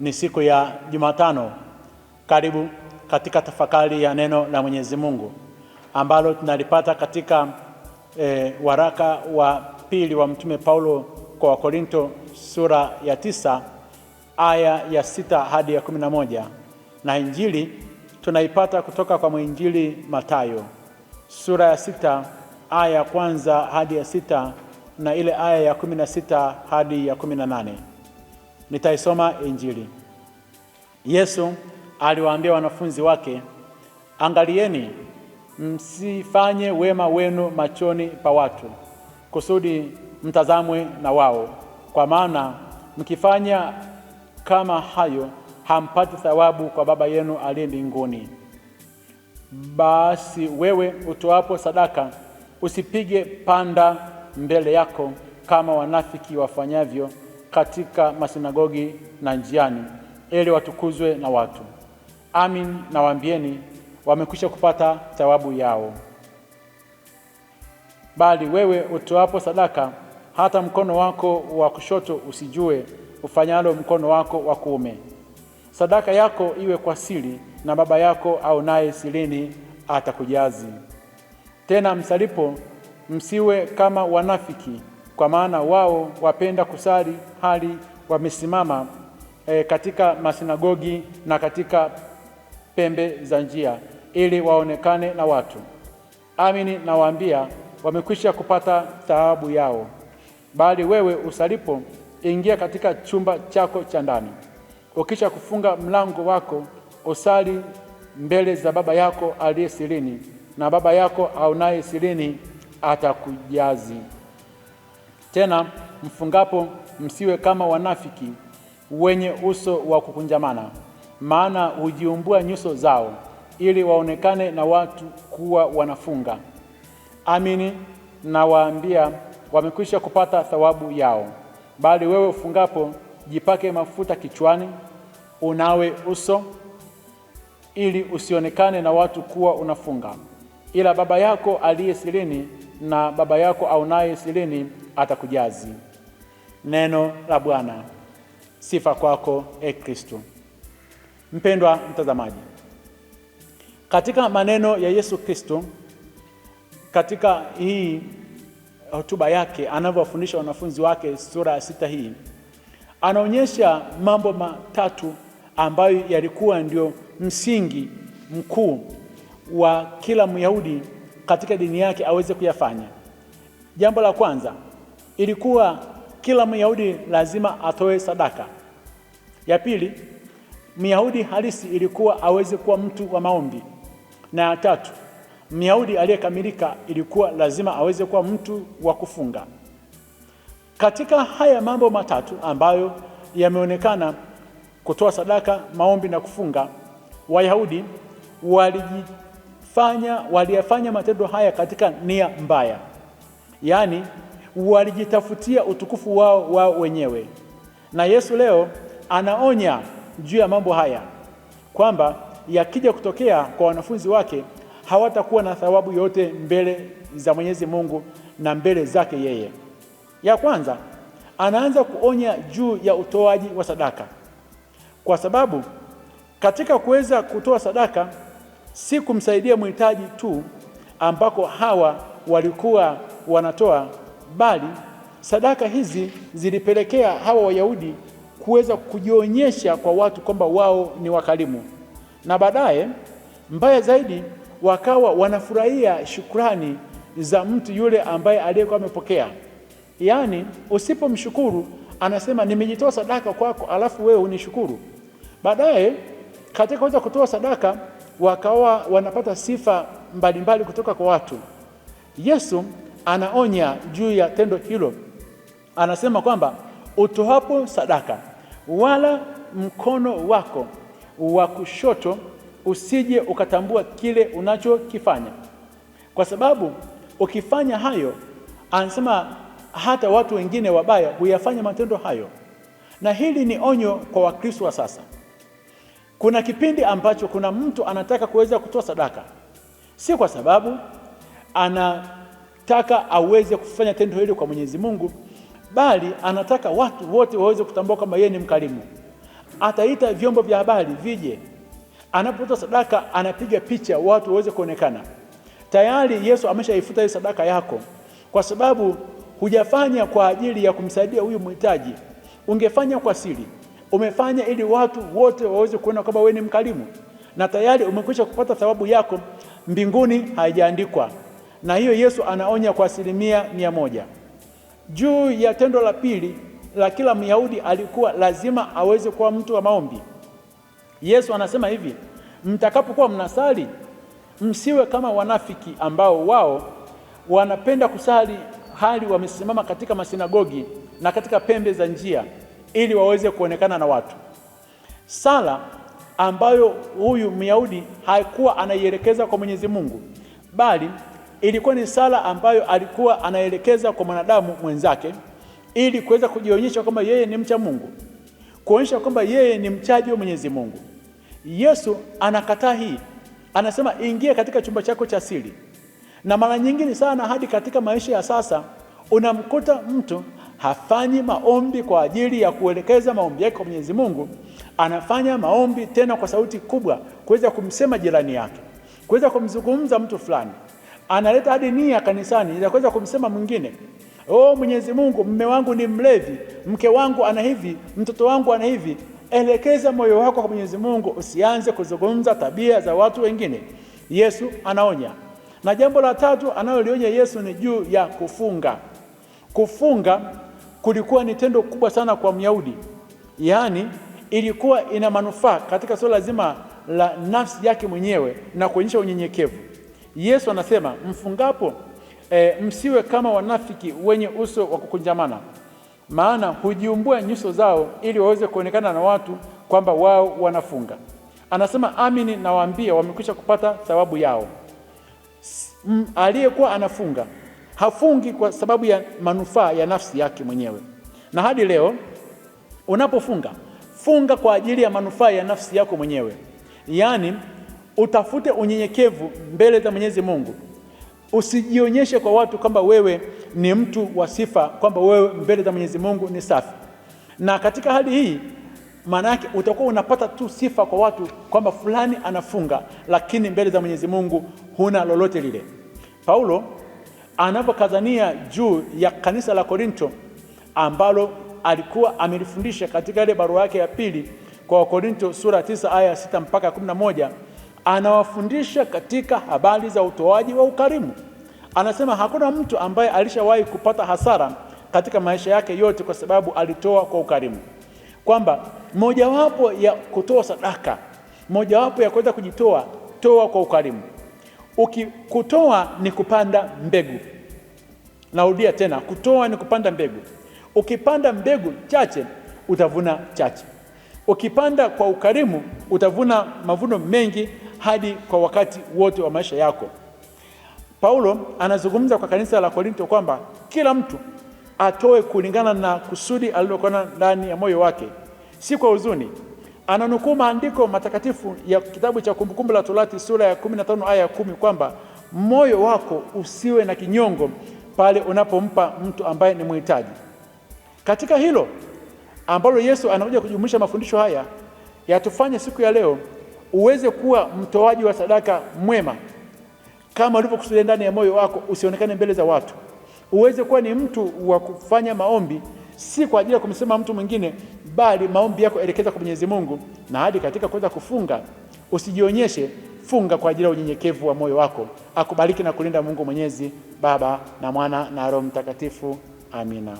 ni siku ya Jumatano. Karibu katika tafakari ya neno la Mwenyezi Mungu ambalo tunalipata katika e, waraka wa pili wa Mtume Paulo kwa Wakorinto sura ya tisa aya ya sita hadi ya kumi na moja na Injili tunaipata kutoka kwa mwinjili Matayo sura ya sita aya ya kwanza hadi ya sita na ile aya ya kumi na sita hadi ya kumi na nane. Nitaisoma Injili. Yesu aliwaambia wanafunzi wake, angalieni msifanye wema wenu machoni pa watu, kusudi mtazamwe na wao, kwa maana mkifanya kama hayo hampati thawabu kwa Baba yenu aliye mbinguni. Basi wewe utoapo sadaka usipige panda mbele yako kama wanafiki wafanyavyo katika masinagogi na njiani, ili watukuzwe na watu. Amin nawaambieni, wamekwisha kupata thawabu yao. Bali wewe utoapo sadaka, hata mkono wako wa kushoto usijue ufanyalo mkono wako wa kuume. Sadaka yako iwe kwa siri, na Baba yako au naye silini atakujazi. Tena msalipo, msiwe kama wanafiki kwa maana wao wapenda kusali hali wamesimama e, katika masinagogi na katika pembe za njia ili waonekane na watu. Amini nawaambia, wamekwisha kupata thawabu yao. Bali wewe usalipo, ingia katika chumba chako cha ndani, ukisha kufunga mlango wako, usali mbele za Baba yako aliye sirini, na Baba yako aonaye sirini atakujazi. Tena mfungapo msiwe kama wanafiki wenye uso wa kukunjamana, maana hujiumbua nyuso zao ili waonekane na watu kuwa wanafunga. Amini nawaambia, wamekwisha kupata thawabu yao. Bali wewe ufungapo, jipake mafuta kichwani, unawe uso, ili usionekane na watu kuwa unafunga, ila Baba yako aliye silini na Baba yako aonaye silini atakujazi. Neno la Bwana. Sifa kwako e Kristo. Mpendwa mtazamaji, katika maneno ya Yesu Kristo katika hii hotuba yake anavyowafundisha wanafunzi wake, sura ya sita hii, anaonyesha mambo matatu ambayo yalikuwa ndio msingi mkuu wa kila Myahudi katika dini yake aweze kuyafanya. Jambo la kwanza ilikuwa kila Myahudi lazima atoe sadaka. Ya pili, Myahudi halisi ilikuwa aweze kuwa mtu wa maombi, na ya tatu, Myahudi aliyekamilika ilikuwa lazima aweze kuwa mtu wa kufunga. Katika haya mambo matatu ambayo yameonekana, kutoa sadaka, maombi na kufunga, Wayahudi waliyafanya matendo haya katika nia mbaya, yaani walijitafutia utukufu wao wao wenyewe. Na Yesu leo anaonya juu ya mambo haya kwamba yakija kutokea kwa wanafunzi wake hawatakuwa na thawabu yote mbele za Mwenyezi Mungu na mbele zake yeye. Ya kwanza, anaanza kuonya juu ya utoaji wa sadaka, kwa sababu katika kuweza kutoa sadaka si kumsaidia mhitaji tu ambako hawa walikuwa wanatoa bali sadaka hizi zilipelekea hawa Wayahudi kuweza kujionyesha kwa watu kwamba wao ni wakarimu, na baadaye, mbaya zaidi, wakawa wanafurahia shukrani za mtu yule ambaye aliyekuwa amepokea. Yaani, usipomshukuru anasema nimejitoa sadaka kwako, alafu wewe unishukuru. Baadaye katika kuweza kutoa sadaka wakawa wanapata sifa mbalimbali mbali kutoka kwa watu. Yesu anaonya juu ya tendo hilo, anasema kwamba utoapo sadaka, wala mkono wako wa kushoto usije ukatambua kile unachokifanya, kwa sababu ukifanya hayo, anasema hata watu wengine wabaya huyafanya matendo hayo. Na hili ni onyo kwa Wakristo wa sasa. Kuna kipindi ambacho kuna mtu anataka kuweza kutoa sadaka, si kwa sababu ana taka aweze kufanya tendo hili kwa Mwenyezi Mungu, bali anataka watu wote waweze kutambua kwamba yeye ni mkarimu. Ataita vyombo vya habari vije, anapotoa sadaka anapiga picha, watu waweze kuonekana. Tayari Yesu ameshaifuta hiyo sadaka yako, kwa sababu hujafanya kwa ajili ya kumsaidia huyu mhitaji. Ungefanya kwa siri, umefanya ili watu wote waweze kuona kwamba wewe ni mkarimu, na tayari umekwisha kupata thawabu yako mbinguni, haijaandikwa na hiyo Yesu anaonya kwa asilimia mia moja juu ya tendo la pili la kila Myahudi alikuwa lazima aweze kuwa mtu wa maombi. Yesu anasema hivi, mtakapokuwa mnasali msiwe kama wanafiki ambao wao wanapenda kusali hali wamesimama katika masinagogi na katika pembe za njia ili waweze kuonekana na watu. Sala ambayo huyu Myahudi haikuwa anaielekeza kwa Mwenyezi Mungu bali ilikuwa ni sala ambayo alikuwa anaelekeza kwa mwanadamu mwenzake ili kuweza kujionyesha kwamba yeye ni mcha Mungu, kuonyesha kwamba yeye ni mchaji wa Mwenyezi Mungu. Yesu anakataa hii, anasema ingia katika chumba chako cha siri. Na mara nyingine sana hadi katika maisha ya sasa unamkuta mtu hafanyi maombi kwa ajili ya kuelekeza maombi yake kwa Mwenyezi Mungu, anafanya maombi tena kwa sauti kubwa, kuweza kumsema jirani yake, kuweza kumzungumza mtu fulani analeta hadi nia kanisani ya kuweza kumsema mwingine, oh, Mwenyezi Mungu, mme wangu ni mlevi, mke wangu ana hivi, mtoto wangu ana hivi. Elekeza moyo wako kwa Mwenyezi Mungu, usianze kuzungumza tabia za watu wengine. Yesu anaonya. Na jambo la tatu analolionya Yesu ni juu ya kufunga. Kufunga kulikuwa ni tendo kubwa sana kwa Myahudi, yaani ilikuwa ina manufaa katika suala zima la nafsi yake mwenyewe na kuonyesha unyenyekevu. Yesu anasema mfungapo, e, msiwe kama wanafiki wenye uso wa kukunjamana, maana hujiumbua nyuso zao ili waweze kuonekana na watu kwamba wao wanafunga. Anasema amini nawaambia, wamekwisha kupata thawabu yao. Aliyekuwa anafunga hafungi kwa sababu ya manufaa ya nafsi yake mwenyewe, na hadi leo unapofunga funga kwa ajili ya manufaa ya nafsi yako mwenyewe, yaani Utafute unyenyekevu mbele za Mwenyezi Mungu. Usijionyeshe kwa watu kwamba wewe ni mtu wa sifa, kwamba wewe mbele za Mwenyezi Mungu ni safi. Na katika hali hii, maana yake utakuwa unapata tu sifa kwa watu kwamba fulani anafunga, lakini mbele za Mwenyezi Mungu huna lolote lile. Paulo anapokazania juu ya kanisa la Korinto ambalo alikuwa amelifundisha katika ile barua yake ya pili kwa Wakorinto sura 9 aya 6 mpaka 11 anawafundisha katika habari za utoaji wa ukarimu. Anasema hakuna mtu ambaye alishawahi kupata hasara katika maisha yake yote kwa sababu alitoa kwa ukarimu, kwamba mojawapo ya kutoa sadaka, mojawapo ya kuweza kujitoa, toa kwa ukarimu. Ukikutoa ni kupanda mbegu. Narudia tena, kutoa ni kupanda mbegu. Ukipanda mbegu chache utavuna chache. Ukipanda kwa ukarimu utavuna mavuno mengi hadi kwa wakati wote wa maisha yako. Paulo anazungumza kwa kanisa la Korinto kwamba kila mtu atoe kulingana na kusudi alilokuwa ndani ya moyo wake, si kwa huzuni. Ananukuu maandiko matakatifu ya kitabu cha Kumbukumbu la Torati sura ya 15 aya ya kumi kwamba moyo wako usiwe na kinyongo pale unapompa mtu ambaye ni mhitaji. Katika hilo ambalo Yesu anakuja kujumuisha mafundisho haya, yatufanye siku ya leo uweze kuwa mtoaji wa sadaka mwema kama ulivyokusudia ndani ya moyo wako, usionekane mbele za watu. Uweze kuwa ni mtu wa kufanya maombi, si kwa ajili ya kumsema mtu mwingine, bali maombi yako elekeza kwa Mwenyezi Mungu. Na hadi katika kuweza kufunga, usijionyeshe, funga kwa ajili ya unyenyekevu wa moyo wako. Akubariki na kulinda Mungu Mwenyezi, Baba na Mwana na Roho Mtakatifu. Amina.